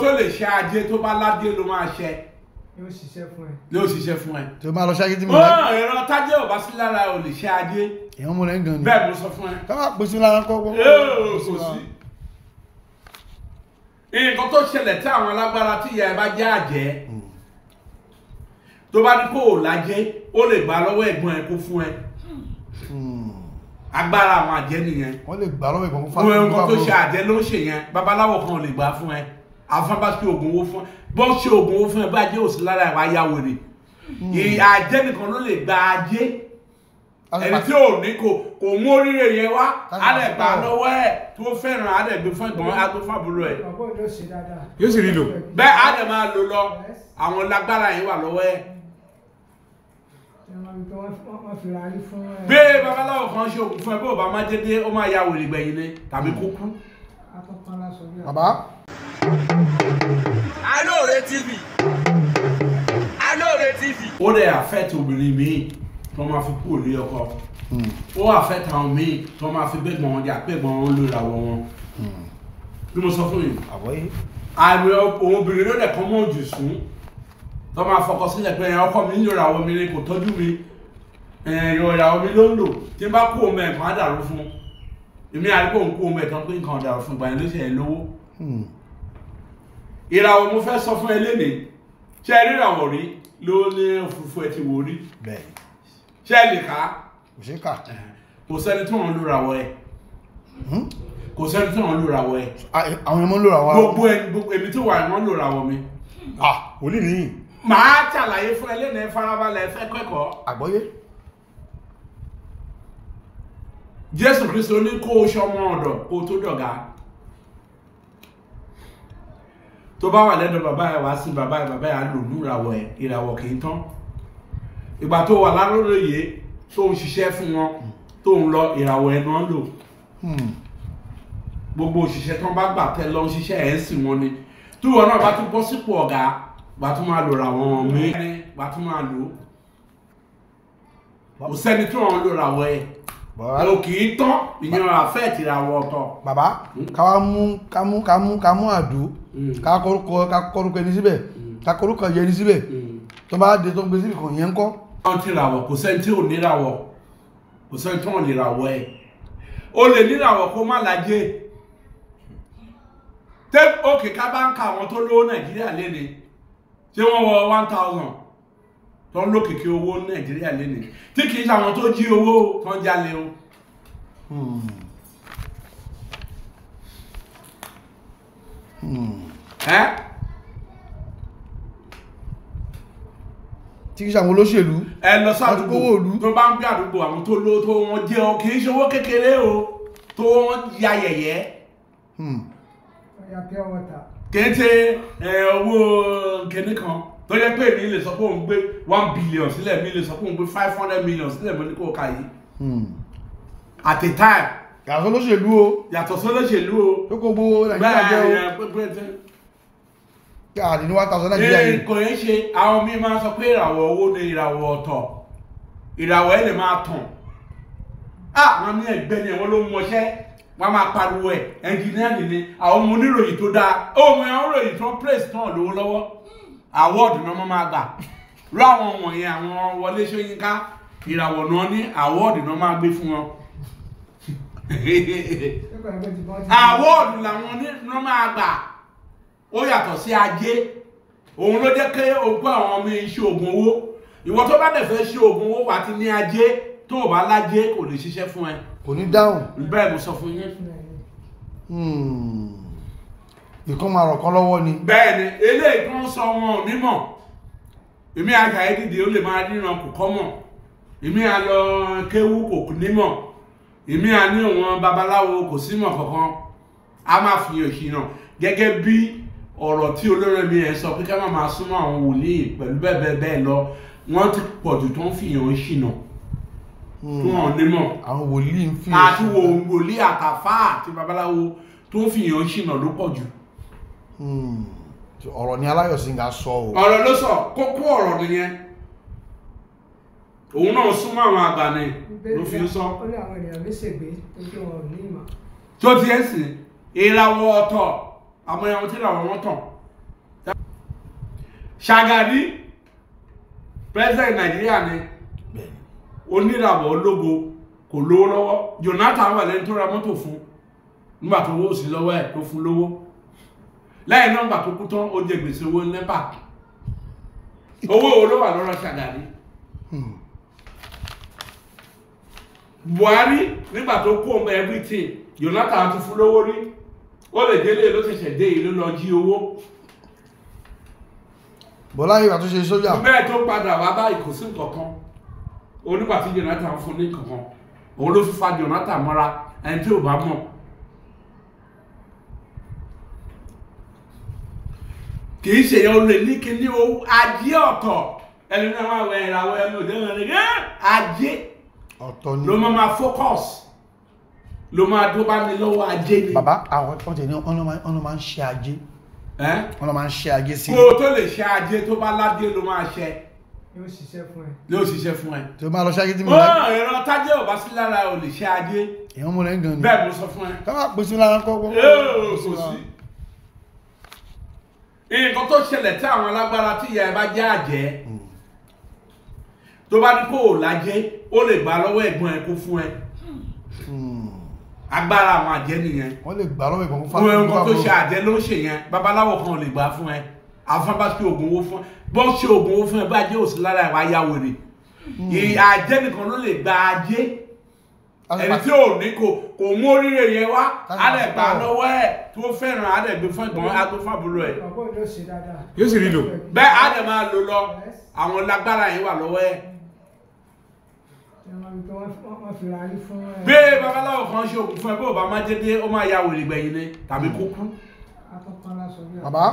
tó lè ṣe ajé tó bá ládé ló máa ṣe yóò ṣiṣẹ́ fún ẹ yóò ṣiṣẹ́ fún ẹ tó máa lọ ṣáájú tí mo rẹ ọ ẹ̀rọ tájé ò bá sí lára ò lè ṣe ajé èèyàn mo rẹ ń gan ni bẹ́ẹ̀ mo sọ fún ẹ káwá pèsè lára kọ́kọ́ kò sí nǹkan tó ṣẹlẹ̀ tí àwọn alágbára tí ìyá ẹ bá jẹ́ àjẹ́ hmm. tó bá ní kó o lájẹ́ ó lè gbà lọ́wọ́ ẹ̀gbọ́n ẹ kó fún ẹ hmm. agbára àwọn àjẹ́ nìyẹn wọ́n lè gbà lọ́wọ́ ẹ̀gbọ́n fún ẹ nǹkan tó ṣe àjẹ́ ló ń ṣe yẹn babaláwo kan ò lè gbà fún ẹ àfọn bá ṣe oògùn owó fún bó ṣe oògùn owó fún ẹ bá jẹ òsì lára ìwà ya wèrè àjẹ́ hmm. nìkan ló lè gba ajé ẹni tí ò ní kò kò mú oríire yẹn wá alẹ́gbà lọ́wọ́ ẹ̀ tó fẹ́ràn alẹ́gbẹ́ fún ìgbọ̀n agbófábúrò ẹ̀. yóò sì rí lò. bẹ́ẹ̀ alẹ́ máa lò lọ àwọn lágbára yẹn wà lọ́wọ́ ẹ̀. bí babaláwo kan ṣe òkú fún ẹ bí ò bá má jẹ́ dé ó máa ya wèrè gbẹ̀yìn ni tàbí kó kú. bàbá know Alóore TV I know Alóore TV. ó dẹ̀ affect obìnrin míì tó máa fi kúrò ní ọkọ ó affect àwọn míì tó máa fi gbẹ̀gbọ̀n wọn jà gbẹ̀gbọ̀n wọn lóra wọn bí mo sọ fún yìí. àbọ̀yé. àmì obìnrin ló dẹ̀ kọ́ mọ́ jù sùn tó máa fọkọ sílẹ̀ pé ọkọ mi ń lòrà àwọn mi ni kò tọ́jú mi ìrọ̀rà àwọn mi ló ń lò tí n bá kú òun mẹ́ẹ̀kan á dàrú fún un èmi àdúgbò ń kú òun mẹ́ẹ̀kan pé nǹkan ọ̀dàrú fún ìgbà yẹn ló ṣe ẹ̀ lówó. Hmm ìràwọ̀ mo fẹ́ sọ fún ẹ lénìí ṣé ẹ ríràwọ̀ rí ló ní funfun ẹ ti wò rí ṣé ẹ lè kà á kò ṣe kà kò sẹ́ni tí wọ́n ń lóràwọ̀ ẹ hmm? kò sẹ́ni tí wọ́n ń lóràwọ̀ ẹ àwọn ẹmọ ń lóràwọ̀ gbogbo ẹ gbogbo èmi tí wà ẹ wọ́n ń lóràwọ̀ mi. ah wòlí nìyí. màá ṣàlàyé fún ẹ lénìí farabalẹ̀ fẹ́ kẹ́kọ̀ọ́. àgbọ́yé. jésù kristo ní kó o ṣọmọ ọ̀dọ̀ kó o tó dọ̀gá tó bá wà lẹ́dọ̀ bàbá ẹ̀ wá sí bàbá ẹ̀ bàbá ẹ̀ á lò lúrawọ̀ ẹ̀ ìràwọ̀ kì í tán ìgbà tó wà láròyè tó ń ṣiṣẹ́ fún wọn tó ń lọ ìràwọ̀ ẹ̀ náà lò hmm. gbogbo òṣìṣẹ́ tán bá gbà tẹ́ lọ ṣiṣẹ́ ẹ̀ sì wọn ni tí wọn náà bá tún bọ́ sípò ọ̀gá bá tún máa lò ràwọ̀ wọn mí bá tún máa lò kò sẹ́ni tí wọn lò ràwọ̀ ẹ̀ o kì í tán ìyẹn àfẹ́ ìtìràwọ̀ ọ̀tọ̀. bàbá hmm? ká wá mú ká mú ká mú ká mú àdó hmm. ká kọrúkọ ká kọrúkọ ẹni síbẹ̀ hmm. ká kọrúkọ yẹ ẹni síbẹ̀ tó bá dé tó gbé síbì kan yẹn ń kọ́. wọ́n ti ràwọ̀ kò sẹ́ni tí ò ní ràwọ̀ kò sẹ́ni tí wọ́n lè ràwọ̀ ẹ̀ o lè ní ràwọ̀ kó má lajé tẹ́ òkè ká bá ń ka àwọn tó lówó nàìjíríà léde ṣé wọ́n wọ one thousand tó ń lókìkí owó ní nàìjíríà lénìí tí kìí ṣàwọn tó jí owó tán jálẹ̀ o hmm. Hmm. tí kìí ṣàwọn olóṣèlú ẹ lọ sádùúgbò tó bá ń gbé àdúgbò àwọn tó ló tó wọn jẹ ọ kìí ṣe owó kékeré o tó wọn ya yẹ̀yẹ́ kìí hmm. ṣe owó kìnìkan tó yẹ pé èmi lè sọ pé òun gbé one billion sílẹ̀ mi lè sọ pé òun gbé five hundred million sílẹ̀ mo ní kó ka yìí hmm. at a time. yàtọ̀ sọ́lọ́ṣèlú o. yàtọ̀ sọ́lọ́ṣèlú o. tó kó gbogbo nàìjíríà jẹ́ o. bẹ́ẹ̀ ni pẹ́pẹ́tẹ́. kí àdì ní one thousand nàìjíríà yìí. kò yẹn ṣe àwọn míì máa sọ pé ìràwọ̀ owó ni ìràwọ̀ ọ̀tọ̀ ìràwọ̀ ẹ̀ lè máa tàn. ah wọn ní ẹgbẹ́ ni wọn ló ń wọṣẹ́ wọn máa pariwo ẹ̀ ẹnjìníà nìyí àwọn oníròyìn tó dáa ó mọ àwọn oníròyìn tó ń pèsè tán lówó lọ́wọ́ awọ́ọ̀dù náà wọ́n máa gbà rú àwọn wọ̀nyẹn àwọn Wọlé Ṣóyínká ìràwọ̀ náà ní awọ́ọ̀dù náà máa gbé fún wọn awọ́ọ̀dù làwọn náà máa gbà ó yàtọ̀ sí ajé òun ló jẹ́ pé ogún àwọn ọmọ iṣẹ́ oògùn owó ìwọ tó bá dẹ̀ fẹ́ ṣe oògùn owó wà ti ní ajé tó o bá lájé kò lè ṣiṣẹ́ fún ẹ kò ní dáhùn bẹ́ẹ̀ mo sọ fún yín. Hmm ìkún máa rọ̀kọ́ lọ́wọ́ ni. bẹ́ẹ̀ni eléyìí tó ń sọ wọn ò ní mọ̀ èmi àgbà yìí dìde ó lè máa ríran kò kọ́ mọ̀ èmi à lọ kéwú kò ní mọ̀ èmi à ní òun babaláwo kò sí mọ̀ kankan a máa fi hàn ìṣìnà gẹ́gẹ́ bí ọ̀rọ̀ tí olórí mi ẹ̀ sọ pé ká má máa súnmọ́ àwọn wòlíì pẹ̀lú bẹ́ẹ̀ bẹ́ẹ̀ lọ wọ́n ti pọ̀jù tó ń fi hàn ìṣìnà tí hmm. wọ́n mọ̀ àti wòlíì àtàfáà àti babaláwo tó ń fi hàn ìṣìnà ló pọ̀jù. Hmm. ọ̀rọ̀ ni aláyọ̀sìnga sọ o ọ̀rọ̀ ló sọ kókó ọ̀rọ̀ nìyẹn òun náà súnmọ́ àwọn àgbà ni ló fi ń sọ ó ní àwọn ènìyàn mi ṣègbè tó kí wọn ò ní ìmọ̀ tó ti ẹ̀ sìn ìràwọ̀ ọ̀tọ̀ àwọn ẹ̀wọ̀n tí ìràwọ̀ wọn tàn Ṣàgàrí president Nàìjíríà ni oníràwọ̀ ológo kò lówó lọ́wọ́ Jonathan wà lẹ́ni tó ra mọ́tò fún nígbà tó wó sí lọ́wọ́ ẹ̀ tó fún lówó lẹ́yìn nọ́mbà tó kú tán ó jẹ gbèsè owó nẹ́pà owó wo ló wà lọ́rọ̀ ṣàgàdí hmm. Buhari nígbà tó kú ọmọ everything Jonathan ti fún lówó rí ó lè délé ló ṣẹ̀ṣẹ̀ dé ìlú lọ jí owó Bọ́lá ìgbà tó ṣe sójà bẹ́ẹ̀ tó padà wá bá ìkòsí nǹkan onígbà tí Jonathan fún ní nǹkan òun ló fi fa Jonathan mọ́ra ẹni tí ò bá mọ̀ kì í ṣe yẹn olè ní kíní o ajé ọ̀tọ̀ ẹni náà wà wẹ̀ ìràwọ̀ ẹni òde náà ni ajé ọ̀tọ̀ ni ló máa ma focus ló máa dó bá mi lọ́wọ́ ajé ni. bàbá àwọn ọ̀tọ̀ tẹ̀ ní ọ̀nà máa ń ṣe ajé ọ̀nà máa ń ṣe ajé sí i. kó o tó lè ṣe ajé tó bá ládé ló máa ṣe yóò ṣiṣẹ́ fún ẹ. tí o máa lọ ṣáájú tí mo lágbè. ó ìran tájẹ́ ò bá sí lára ò lè ṣe ajé. èèyàn mo rẹ̀ ń gan ni. bẹ́ẹ̀ mo sọ fún ẹ. ká pèsè lára kọ́ wọ́n. yóò kò sí nǹkan tó ṣẹlẹ̀ tí àwọn alágbára tí ìyá ẹ bá jẹ́ àjẹ́ tó bá ní kó o lájẹ́ ó lè gbà lọ́wọ́ ẹ̀gbọ́n ẹ kó fún ẹ agbára àwọn àjẹ́ nìyẹn wọ́n lè gbà lọ́wọ́ ẹ̀gbọ́n fún ẹ nǹkan tó ṣe àjẹ́ ló ń ṣe yẹn babaláwo kan ò lè gbà fún ẹ àfọn bá ṣe oògùn owó fún ẹ bọ́n ṣe oògùn owó fún ẹ bá jẹ́ òsínlára ìwà ayáwèrè hmm. àjẹ́ nìkan ló lè gba ajé ẹni tí ò ní kò kò mú oríire yẹn wá alẹ́ gbà lọ́wọ́ ẹ̀ tó fẹ́ràn alẹ́ gbé fún ìgbọ̀n agbó fún àbúrò ẹ̀. yóò sì rí lò. bẹ́ẹ̀ alẹ́ máa lò lọ àwọn lágbára yẹn wà lọ́wọ́ ẹ̀. bí babaláwo kan ṣe òkú fún ẹ bí ò bá ó máa ya wèrè gbẹ̀yìn ni tàbí kó kú.